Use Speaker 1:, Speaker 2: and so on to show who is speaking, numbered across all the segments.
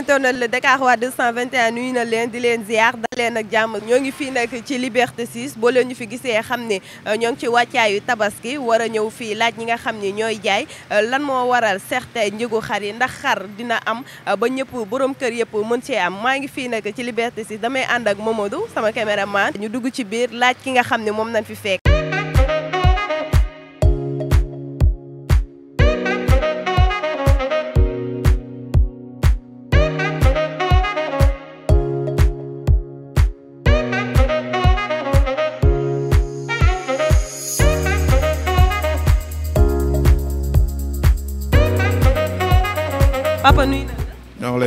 Speaker 1: internet le Dakar waa 221 nuyu na leen di leen ziar da leen ak jàmm ñoo ngi fii nekk ci Liberté 6 boo leen ñu fi gisee xam ne euh, ñoo ngi ci wàccaayu tabaski war a ñëw fii laaj ñi nga xam ne ñooy jaay euh, lan moo waral certain njëgu xar yi ndax xar dina am euh, ba ñëpp borom kër yëpp mën cee am maa ngi fii nekk ci Liberté 6 damay ànd ak Momadou sama caméraman ñu dugg ci biir laaj ki nga xam ne moom nañ fi fekk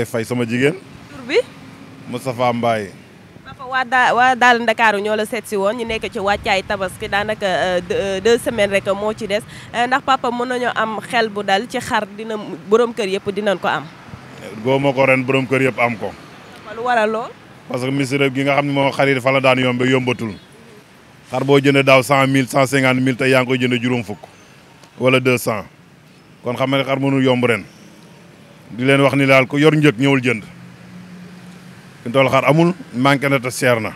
Speaker 2: mbaye fay sama jigen tour bi. Moustapha Mbaye.
Speaker 1: papa wa daa waa daal Ndakaaru ñoo la seet si ñu nekk ci waccay tabaski daanaka euh, euh, deux semaines rek mo ci dess euh, ndax papa mën nañoo am xel bu dal ci xar dina borom kër yëpp dinañ ko am.
Speaker 2: góoma ko ren borom kër yëpp am ko. lu waral lo parce que misir gi nga xamni mo xarit fa la daan yombe yombatul. xar bo jëndee daaw 100000 150000 cent cinquante te yaa ngi koy jënd juroom fukk wala 200 kon xam nga xar mënu yomb ren. di leen wax ni daal ko yor njëg ñëwul jënd fi xar amul manqué na te seer na.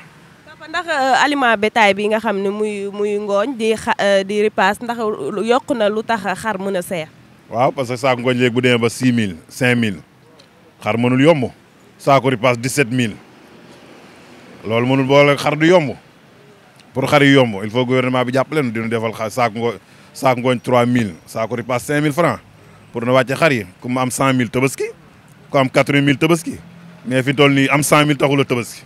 Speaker 1: papa ndax euh, aliment betaay bi nga xam ne muy muy ngooñ di xa euh, di ripaas ndax yokk na lu tax xar mën a seer.
Speaker 2: waaw parce que saako ngooñ léegi bu demee ba mille 6000 mille xar mënul yomb saako ripaas mille loolu mënul boole xar du yomb pour xar yu yomb il faut gouvernement bu jàpp leen dina defal xar saako ngooñ saako ngooñ 3000 saako ripaas francs pour nous, wàcce xar yi 100 000 am 4 000 tabaski mais fi toll am a tabaski.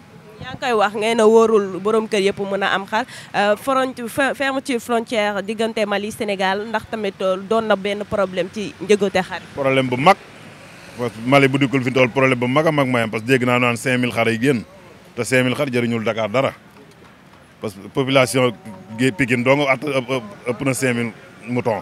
Speaker 1: wax ngay na borom euh, fermeture frontière Mali Sénégal ndax tamit euh, problème ci
Speaker 2: problème que Mali bu fi toll problème bu mac, parce que dégg yi dara parce population Pikine dong at de moutons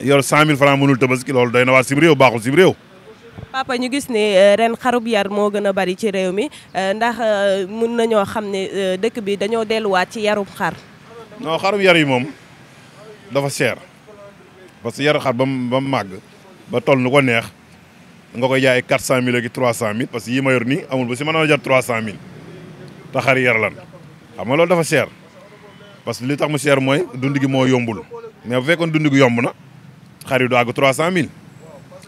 Speaker 2: yor 100000 francs mënul tabaski loolu day na waar sim réew baaxul sim réew.
Speaker 1: papa ñu gis ni euh, ren xarub yar moo gën a bari ci réew mi euh, ndax euh, mën nañoo xam ne dëkk bi dañoo delluwaat ci yarub xar. non xarub
Speaker 2: yar yi moom dafa cher parce que yaru xar ba mu ba mu màgg ba toll nu ko neex nga koy jaay 400000 ak trois parce mil yii ma yor nii amul ba si mën a jar 300000 te xar yar lan xam nga loolu dafa cher parce que li tax mu cher mooy dund gi moo yombul mais bu dund gi yomb na. xar yi du àgg 300000.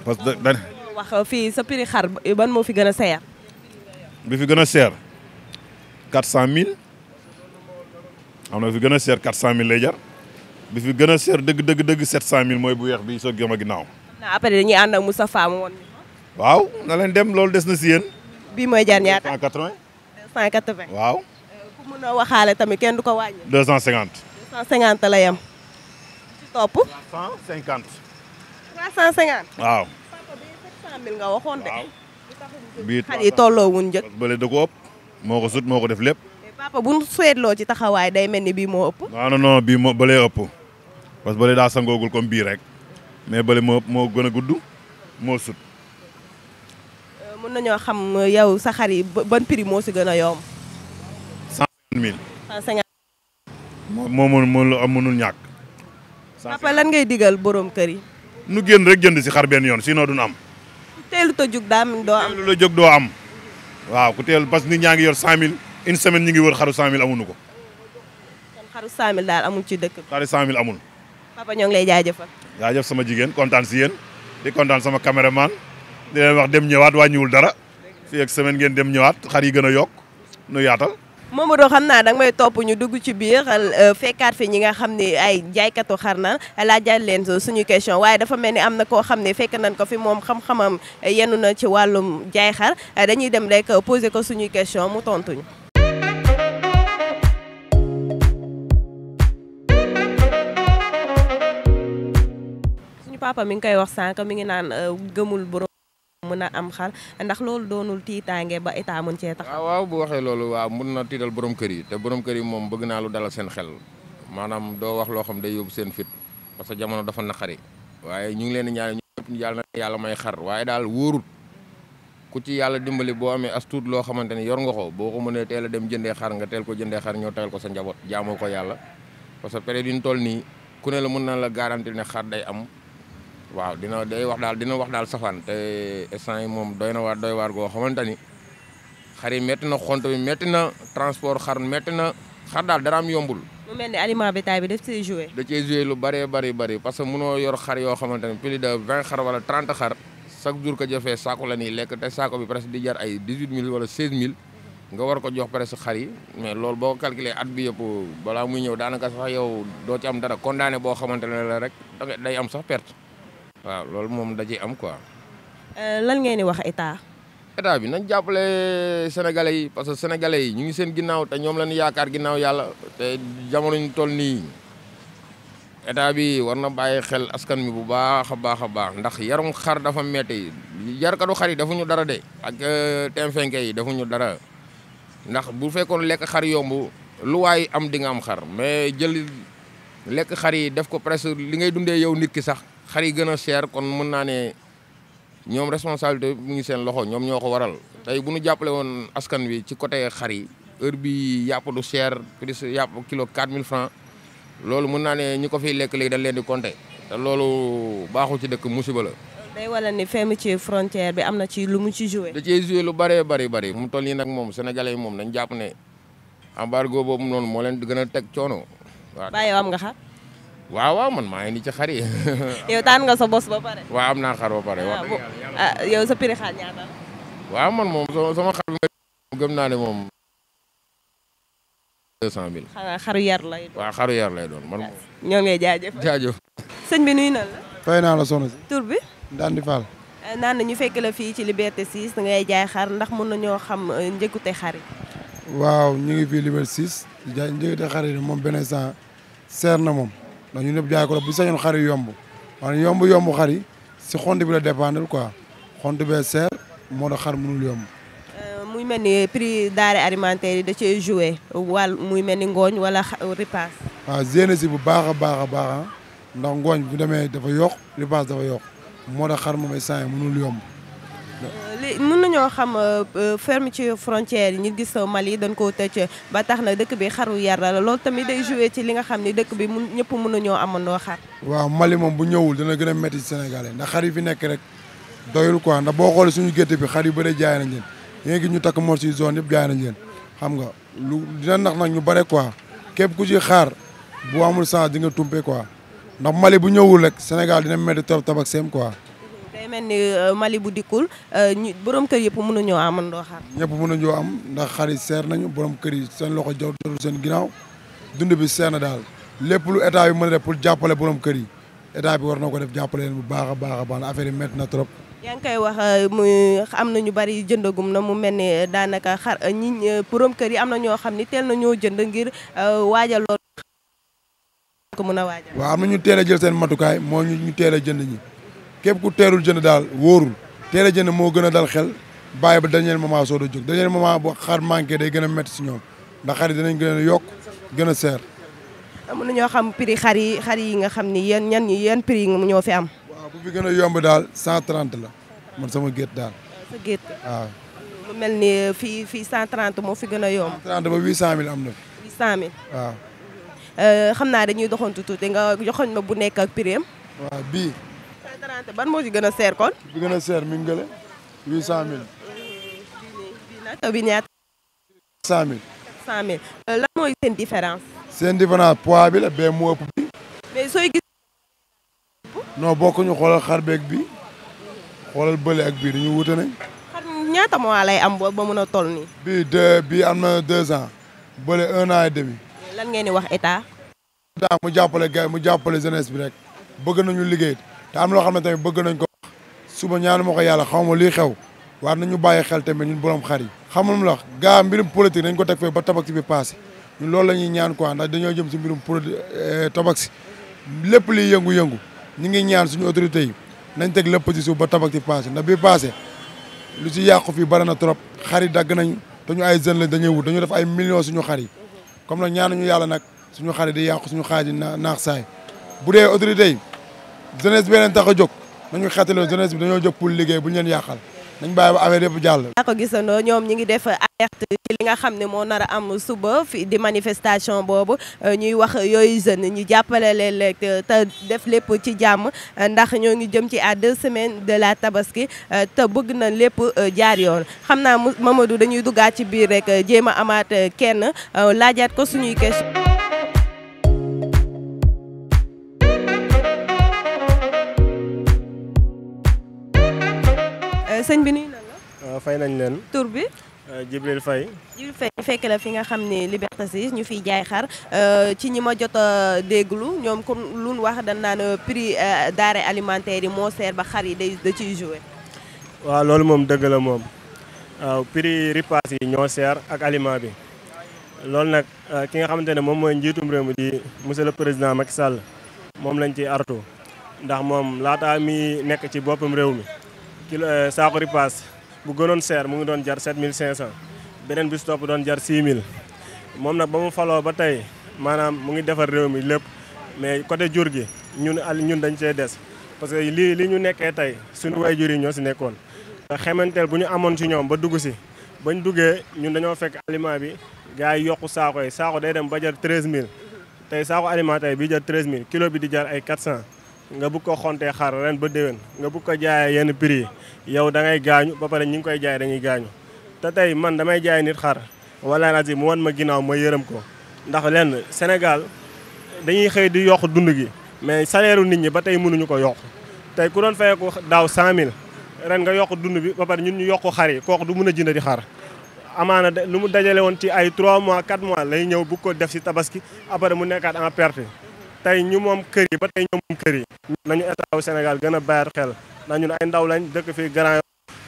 Speaker 2: parce que dañ
Speaker 1: wax fi sa prix xar ban mo fi gëna cher
Speaker 2: bi fi gëna cher 400000 amna fi gëna cher 400000 lay jar bi fi gëna cher deug deug deug 700000 moy bu wex bi so gëma ginaaw
Speaker 1: na après dañuy and ak Moustapha mu won
Speaker 2: waaw na len dem lol des na ci yeen bi moy jar ñaata 180. 180 waaw.
Speaker 1: ku mëna waxale tamit kën du ko
Speaker 2: 250.
Speaker 1: 250 la yam topp.
Speaker 2: 350.
Speaker 1: 350. waaw. papa bi 700000 nga waxoon waaw bii tolloo wuñ njëkk. bële da ko ëpp
Speaker 2: moo ko sut moo ko def lépp.
Speaker 1: papa bu ñu seetloo ci taxawaay day mel ni bii moo ëpp.
Speaker 2: non non non bii moo bële ëpp parce que bële daa sangoogul comme bii rek mais bële moo moo gën a gudd moo sut.
Speaker 1: Euh, mën nañoo xam euh, yow sa xar yi ban prix moo si gën a yomb.
Speaker 2: 150 000. 150 000. mënul ñàkk.
Speaker 1: apa lan ngay digal borom kër yi.
Speaker 2: nu génn rek jënd si xar benn yoon sinon duñu am. ku teelu ta jóg daa am doo am teelu la jóg am. waaw ku teel parce que nit ñaa ngi yor 100000 une semaine ñu ngi wër xaru 100000 amuñu ko.
Speaker 1: kon xaru 100000 daal amul ci dëkk xaru 100000 papa
Speaker 2: lay sama jigen kontansien si di sama kameraman di leen wax dem ñëwaat wàññiwul dara fii ak semaine ngeen dem ñëwaat xar yi gën a nu yaatal.
Speaker 1: Mamadou xam naa danga may topp ñu dugg ci biir euh, fekkaat fi ñi nga xam ne ay jaaykatu xar naan laajaat leen suñu question waaye dafa mel ni am na koo xam ne fekk nañ ko fi moom xam-xamam yenu na ci wàllum jaay xar dañuy dem rek poser ko suñuy question mu tontuñu. suñu mi ngi koy wax sànq mi ngi naan euh, gëmul borom. mëna am xal ndax loolu doonul tiitaange ba état mën ci tax waaw
Speaker 3: bu waxé loolu waaw mëna na tiital borom kër yi té borom kër yi mom bëgg na lu dal seen xel manam do wax lo xam day yob seen fit parce que jamono dafa naxari waye ñu ngi leen ñaan ñu yalla na yalla may xar waye dal wóorut ku ci yalla dimbali bo amé as lo xamanteni yor nga ko boko mëne mënee dem jëndé xar nga tél ko jëndé xar ñoo tegal ko sa njabot jaamoko ko parce que période yi ñu toll ni ku ne la mëna la garantir né xar day am waaw dina day wax daal dina wax daal safaan te instant yi moom doy na waar doy waar goo xamante ni xar yi métti na xont bi métti na transport xar métti na xar daal daraam yombul.
Speaker 1: mu mel ni aliment bétail da ciy
Speaker 3: joué lu bëree bëri bëri parce que munoo yor xar yoo xamante ne plus de vingt xar wala trente xar chaque jour ko jëfee saako la ñuy lekk te saako bi presque di jar ay dix huit mille wala seize mille nga war ko jox presque xar mais loolu boo calculer at bi yëpp balaa mu ñëw daanaka sax yow doo ci am dara condamné boo xamante ne la rek day am sax perte. waaw loolu moom da am quoi.
Speaker 1: Euh, lan ngeen di wax état.
Speaker 3: état bi nañ jàppale sénégalais yi parce que sénégalais yi ñu ngi seen ginnaaw te ñoom lañu yaakaar ginnaaw yàlla te jamono ñu toll nii état bi war na bàyyi xel askan mi bu baax a baax a baax ndax yarum xar dafa metti yarkatu xar yi defuñu dara de ak euh, temfenke yi defuñu dara ndax bu fekkoon lekk xar yomb lu waay am di nga am xar mais jël lekk xar yi def ko presque li ngay dundee yow nit ki sax. xar yi gën a kon mën naa ne ñoom responsabilité mu ngi seen loxo ñoom ñoo ko waral tey bu ñu jàppale woon askan wi ci côté xar yi heure bi yàpp du cher prix yàpp kilo 4000 francs loolu mu naa ne ñi ko fiy lekk léegi dañ leen di compter te loolu baaxul ci dëkk musiba la.
Speaker 1: day wala ni fem ci frontière bi am na ci lu mu ci joué. da cee joué lu bëree bëri bëri mu toll
Speaker 3: nii nag moom sénégalais yi moom dañ jàpp ne embargo boobu noonu moo leen gën a teg coono. waaw am nga xar. waaw waaw man maa ngi nii ci xar yi.
Speaker 1: yow tànn nga sa bos ba pare.
Speaker 3: waaw am naa xar ba pare. wax ah, ah, man moom sama xar bi gëm naa ne moom. 200000. xanaa
Speaker 1: xaru yar lay doon.
Speaker 3: waaw xaru lay doon man moom. ñoo
Speaker 1: ngi sëñ bi nuyu na naa la soxna si. tur bi. Ndandi Fall. Eh, naan na ñu fekk la fii ci Liberté 6 ngay jaay xar ndax mën nañoo xam eh, njëkkute xar yi.
Speaker 4: waaw ñu ngi fii Liberté 6 jaay njëkkute xar yi moom benn instant seer na moom. ndax ñun ñëpp jaay ko la bu sañoon xar yi yomb maanaam yomb yomb xar yi si xont bi la dépendre quoi xont bee seer moo tax xar mënul yomb.
Speaker 1: Euh, muy mel ni prix denrées alimentaire da cee joué wàll muy mel ni ngooñ wala ripaas.
Speaker 4: waaw génn si bu baax a baax a baax ndax ngooñ bu demee dafa yokk ripaas dafa yokk moo tax xar moom ay saa mënul yomb.
Speaker 1: Euh, li mën nañoo xam euh, euh, fermeture frontière yi ñu gis Mali dañ koo tëj ba tax na dëkk bi xaru yar la loolu tamit day joué ci li nga xam ni dëkk bi mun ñëpp mën nañoo amandoo xar.
Speaker 4: waaw Mali moom bu ñëwul dana gën a métti ci Sénégal ndax xar yi fi nekk rek doyul quoi ndax boo xoolee suñu gétt bi xar yu bëri jaay nañ leen léegi ñu takk mor si zone yëpp jaay nañ leen xam nga lu dina nax nag ñu bare quoi képp ku ci xaar bu amul chance di nga tumpe quoi ndax Mali bu ñëwul rek Sénégal dina métti trop tabak seem quoi
Speaker 1: mel ni euh, Mali bu dikkul euh, ñu borom kër yëpp mënuñoo amandoo xar. ñëpp mënuñoo am ndax
Speaker 4: xar yi seer nañu borom kër yi seen loxo jotul seen ginnaaw dund bi seer na daal lépp lu état bi mën a def pour jàppale borom kër yi état bi war na ko def jàppale leen bu baax a baax a baax affaire na trop.
Speaker 1: yaa ngi koy wax euh, mu am na ñu bari jëndagum na mu mel ni daanaka xar ñi borom kër yi am na ñoo xam ni teel na ñoo jënd ngir waajal loolu mën a waajal.
Speaker 4: waaw am na ñu teel a jël seen matukaay moo ñu ñu teel a jënd ñi képp ku teerul jënd daal wóorul teel a jënd moo gën a dal xel bàyyi ba dernier moment soo da jóg dernier moment bu xar manqué day gën a métti si ñoom ndax xar yi dinañ gën a yokk gën a seer
Speaker 1: mën nañoo xam prix xar yi xar yi nga xam ni yéen ñan ñi yéen prix yi ñoo fi am
Speaker 4: waaw fi gën a yomb daal cent trente la man sama gétt daal sa gétt waaw
Speaker 1: mel ni fii fii cent trente moo fi gën a yomb cent trente ba huit cent
Speaker 4: mille am na fi
Speaker 1: huit cent mille euh, xam naa dañuy doxantu tuuti nga joxoñ ma bu nekk ak prix am bii 30 ban moo ci gën ser seer kon. bi gën a seer mi ngi gële 800000. bii nag bi ñaata. 100000. 100000 lan mooy différence.
Speaker 4: seen différence poids bi la bee moo ëpp bi. mais sooy gis. non bokkuñu xoolal xar beeg bi xoolal bële ak bii dañu wute nañ.
Speaker 1: xar ñaata mois lay am ba mën a toll nii.
Speaker 4: ans an et demi.
Speaker 1: lan ngeen di wax état.
Speaker 4: état mu jàppale gars mu jàppale jeunesse bi rek bëgg nañu liggéey. taam loo xam ne tamit bëgg nañ ko suba ñaanu ma ko yàlla xaw ma luy xew war nañu bàyyi xel tamit ñun borom xar yi xamul la gaa mbirum politique nañ ko teg fee ba tabax bi passé ñun loolu la ñuy ñaan quoi ndax dañoo jëm si mbirum produit eh, lépp liy yëngu-yëngu ñu ngi ñaan suñu autorités yi nañ teg lépp ci ba tabax ci passé ndax bi lu ci yàqu fii bari na trop xar yi dagg nañ te ñu ay jeunes lañ wut dañu def ay million suñu xar yi comme nag ñaanuñu yàlla nag suñu xar di yàqu suñu xaaj yi naax saay bu dee autorités yi jeunesse bi leen tax a jóg nañu xeetaloo jeunesse bi dañoo jóg pour liggéey bu ñu leen yàqal nañ bàyyi ba affaire yëpp jàll.
Speaker 1: yaa ko gisandoo ñoom ñi ngi def alerte ci li nga xam ne moo nar a am suba fi di manifestation boobu euh, ñuy wax yooyu jeunes ñu jàppale leen euh, te def lépp ci jàmm euh, ndax ñoo ngi jëm ci à deux semaines de la tabaski te bëgg na lépp jaar yoon xam naa mu Mamadou dañuy duggaat ci biir rek jéem a amaat kenn laajaat ko suñuy question. Euh, sëñ bi nuy na la.
Speaker 5: Euh, fay nañ len tour bi. Euh, Jibril fay
Speaker 1: Jibril fay fekk la fi nga xam ne Liberté 6 ñu fi jaay xar ci ñima ma jot a déglu ñoom kon luñ wax dañ nan prix denrées alimentaire mo ser ba xar yi day da ciy joué.
Speaker 5: waaw mom moom dëgg la mom euh prix repas yi ño ser ak aliment bi loolu nak ki nga xamante mom moy njitum rew mi di monsieur le président Macky Sall mom lañ ci artu ndax mom laata mi nek ci bopam rew mi. kilo euh, saako ripaas bu gënoon seer mu ngi doon jar cent beneen bi si doon jar 6000 moom nag ba mu faloo ba tey maanaam mu ngi defar réew mi lépp mais côté jur gi ñun al ñun dañ cee des parce que lii li ñu nekkee tey suñu way jur yi ñoo si nekkoon xamanteel bu ñu amoon ci ñoom ba dugg si bañ duggee ñun dañoo fekk aliment bi gaa yi yokku saako yi saako day dem ba jar 13000 tey saako aliment tey bi jar 13000 kilo bi di jar ay 400 nga bëgg ko xontee xar ren ba déwén nga bugg ko jaayee yenn prix yi yow da gaañu ba pare ñu ngi koy jaay dañuy gaañu te tey man damay jaay nit xar wala nag mu wan ma ginnaaw ma yërëm ko ndax lenn Sénégal dañuy xëy di yokk dund gi mais salaire nit ñi ba tey mënuñu ko yokk tey ku doon fayeeku daaw 100000 ren nga yokk dund bi ba pare ñun ñu yokk xar yi kooku du mën a jëndati xar amaana lu mu dajale woon ci ay trois mois 4 mois lay ñëw bu ko def si tabaski après mu nekkaat en perte tey ñu moom kër yi ba tey ñoom moom kër yi nañu état wu Sénégal gën a bàyyi xel ndax ñun ay ndaw lañ dëkk fii grand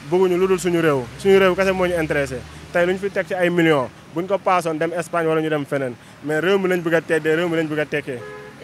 Speaker 5: bëgguñu lu dul suñu réew suñu réew kese moo ñu intéressé tey lu ñu fi teg ci ay million bu buñ ko paasoon dem Espagne wala ñu dem feneen mais réew mi lañ bëgg a teddee réew mi lañ bëgg a tekkee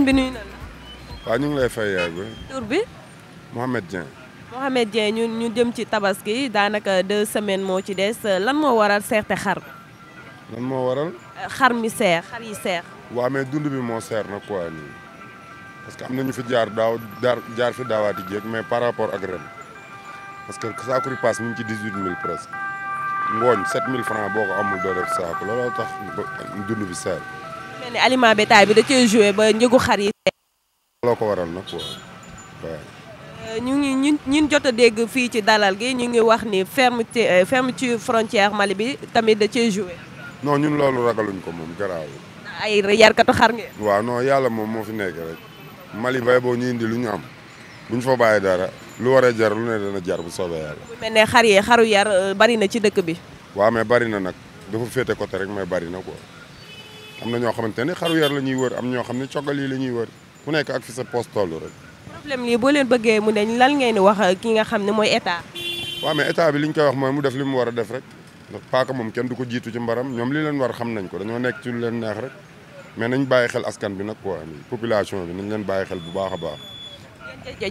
Speaker 1: sëñ bi nuyu nan
Speaker 6: la. ñu ngi lay fay yaay booy. tur bi. mohammed dien
Speaker 1: mohammed dien ñu ñu dem ci tabaski daanaka deux semaines mo ci dess lan mo waral xerté xar.
Speaker 6: lan mo waral.
Speaker 1: xar mi seer xar yi seer.
Speaker 6: wa mais dund bi mo seer na quoi ni parce que amna ñu fi jaar daw jaar fi dawati jek mais par rapport ak ren parce que sa kuri mi ñu ci 18000 presque ngooñ 7000 francs boko amul doo def ko lolo tax dund bi seer.
Speaker 1: ne aliment bétail bi da cee ba njëgu xar yi.
Speaker 6: loo ko waral nag waaw.
Speaker 1: Euh, ñu ngi ñun jot a dégg fii ci dalal gi ñu ngi wax ni fermeture euh, fermeture frontière Mali bi tamit da cee joué.
Speaker 6: noo ñun loolu ragaluñ ko moom garaaw.
Speaker 1: ay yarkatu xar ngeen.
Speaker 6: waaw non yàlla moom moo fi nekk rek Mali bay boo ñu indi lu ñu am bu ñu fa bàyyi dara lu war a jar lu ne dana jar bu soobee yàlla.
Speaker 1: bu xar yar euh, bari na ci dëkk bi.
Speaker 6: waaw mais bari na nag dafa féete côté rek mais bari na quoi. amna ño xamanteni xaru yar lañuy wër am ño xamni ne coggal yi la wër ku nekk ak fi sa poste tollu rek.
Speaker 1: problème li bo leen bëggee mu neñ lan ngeen di wax ki nga xamni moy état.
Speaker 6: wa mais état bi liñ koy wax moy mu def limu wara def rek ndax paaka mom kenn du ko jitu ci mbaram ñom li leen war xam nañ ko dañu nekk ci leen neex rek mais nañ bàyyi xel askan bi nag quoi population bi nañ leen bàyyi xel bu baax a baax.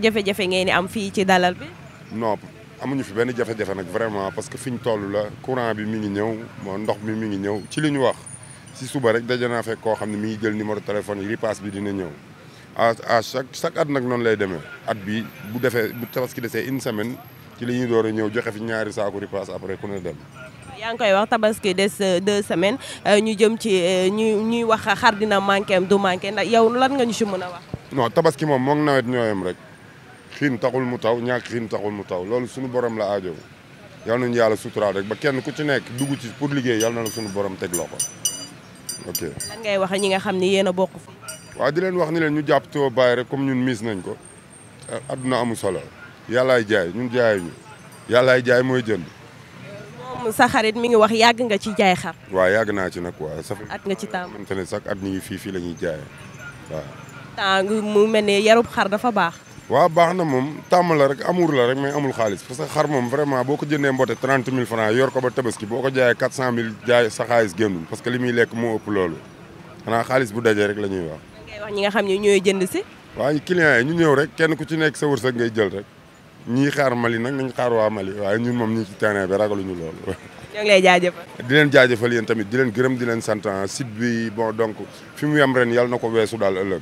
Speaker 1: jafe-jafe ngeen di am fii ci dalal bi.
Speaker 6: non amuñu fi benn jafe-jafe nag vraiment parce que fiñ ñu toll la courant bi mi ngi ñëw ndox bi mi ngi ñëw ci li ñu wax. si suba rek daje naa fekk koo xam ne mi ngi jël numéro téléphone yi ripaas bi dina ñëw à à chaque chaque at nag noonu lay demee at bi bu defee bu tabaski desee une semaine ci la ñuy door a ñëw joxe fi ñaari saaku ripaas après ku ne dem.
Speaker 1: yaa ngi koy tabaski des euh, deux semaines euh, ñu jëm ci euh, ñu ñuy wax xar dina manqué du manqué ndax yow lan nga ñu si mën a wax.
Speaker 6: non tabaski moom moog nawet ñooyam rek xiin taxul mu taw ñàkk xiin taxul mu taw loolu suñu borom la ajo yal nañu yàlla suturaal rek ba kenn ku ci nekk dugg ci pour liggéey yal na la suñu borom teg loxo. ok
Speaker 1: ngay wax ñi nga xam ni yéen a bokk fi
Speaker 6: di leen wax ni leen ñu jàpp too bàyyi rek comme ñun miis nañ ko adduna amul solo yàllaay jaay ñun jaay ñu yàllaay jaay mooy jënd
Speaker 1: sa xarit mi ngi wax yàgg nga ci jaay xar
Speaker 6: waaw yàgg naa ci nag waaw sa at
Speaker 1: nga ci tàmm xamante
Speaker 6: ne sax at ñu ngi fii fii la ñuy jaayee waa
Speaker 1: temps mu mel ne yarub xar dafa baax
Speaker 6: waaw baax na moom tàmm la rek amour la rek mais amul xaalis parce que xar moom vraiment boo ko jëndee mbote trente mille francs yor ko ba tabaski boo ko jaayee quatre cent mille jaay sa xaalis génnul parce que li muy lekk moo ëpp loolu xanaa xaalis bu dajee rek la ñuy wax.
Speaker 1: ngay wax ñi nga xam ne ñooy jënd si.
Speaker 6: waaw clients yi ñu ñëw rek kenn ku ci nekk sa wërsëg ngay jël rek ñii xaar Mali nag ñu xaar waa Mali waa ñun moom ñii ci terrain bi ragaluñu loolu. ñoo ngi lay jaajëfal. di leen jaajëfal yéen tamit di leen gërëm di leen sant ah, site bi bon donc fi mu yem ren yàlla na ko weesu daal ëllëg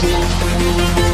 Speaker 1: Don't